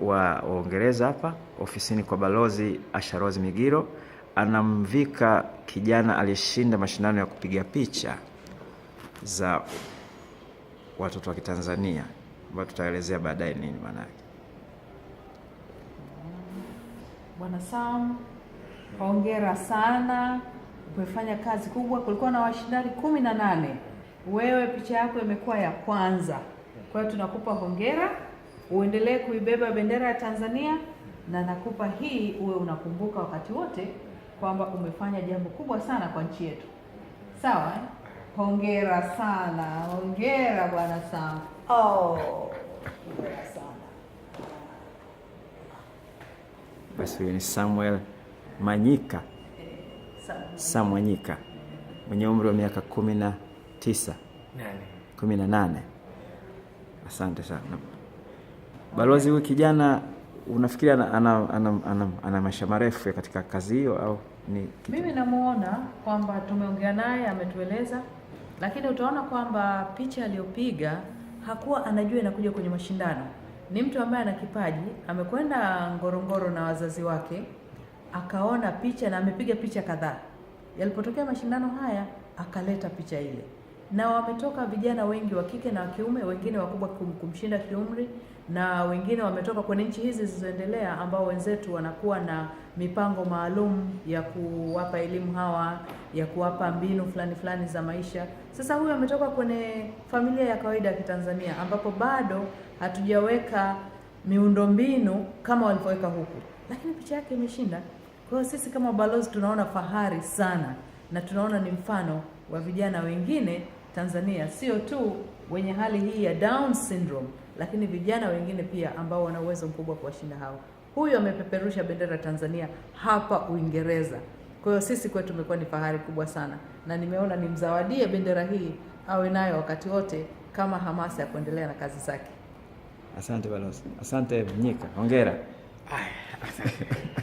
wa Uingereza hapa ofisini kwa balozi asharozi Migiro anamvika kijana aliyeshinda mashindano ya kupiga picha za watoto wa Kitanzania ambayo tutaelezea baadaye nini maana yake. Bwana Sam, hongera sana, umefanya kazi kubwa. Kulikuwa na washindani kumi na nane, wewe picha yako imekuwa ya kwanza, kwa hiyo tunakupa hongera uendelee kuibeba bendera ya Tanzania, na nakupa hii uwe unakumbuka wakati wote kwamba umefanya jambo kubwa sana kwa nchi yetu. Sawa, eh? hongera sana, hongera bwana Sam. Oh, hongera sana. Basi huyo ni Samuel Manyika eh, Sam Manyika mwenye umri wa miaka kumi na tisa kumi na nane. Asante sana. Balozi, huyu kijana unafikiri ana, ana, ana, ana, ana maisha marefu katika kazi hiyo au ni kitu? Mimi namuona kwamba tumeongea naye ametueleza, lakini utaona kwamba picha aliyopiga hakuwa anajua inakuja kwenye mashindano. Ni mtu ambaye ana kipaji, amekwenda Ngorongoro na wazazi wake, akaona picha na amepiga picha kadhaa. Yalipotokea mashindano haya, akaleta picha ile na wametoka vijana wengi wa kike na wa kiume, wengine wakubwa kumshinda kiumri, na wengine wametoka kwenye nchi hizi zilizoendelea, ambao wenzetu wanakuwa na mipango maalum ya kuwapa elimu hawa, ya kuwapa mbinu fulani fulani za maisha. Sasa huyu ametoka kwenye familia ya kawaida ya Kitanzania, ambapo bado hatujaweka miundombinu kama walivyoweka huku, lakini picha yake imeshinda. Kwa hiyo sisi kama balozi tunaona fahari sana na tunaona ni mfano wa vijana wengine Tanzania, sio tu wenye hali hii ya Down syndrome, lakini vijana wengine pia ambao wana uwezo mkubwa kuwashinda hao. Huyu amepeperusha bendera Tanzania hapa Uingereza. Kwa hiyo sisi kwetu tumekuwa ni fahari kubwa sana, na nimeona nimzawadie bendera hii awe nayo wakati wote kama hamasa ya kuendelea na kazi zake. Asante balozi. Asante Mnyika, hongera. Asante.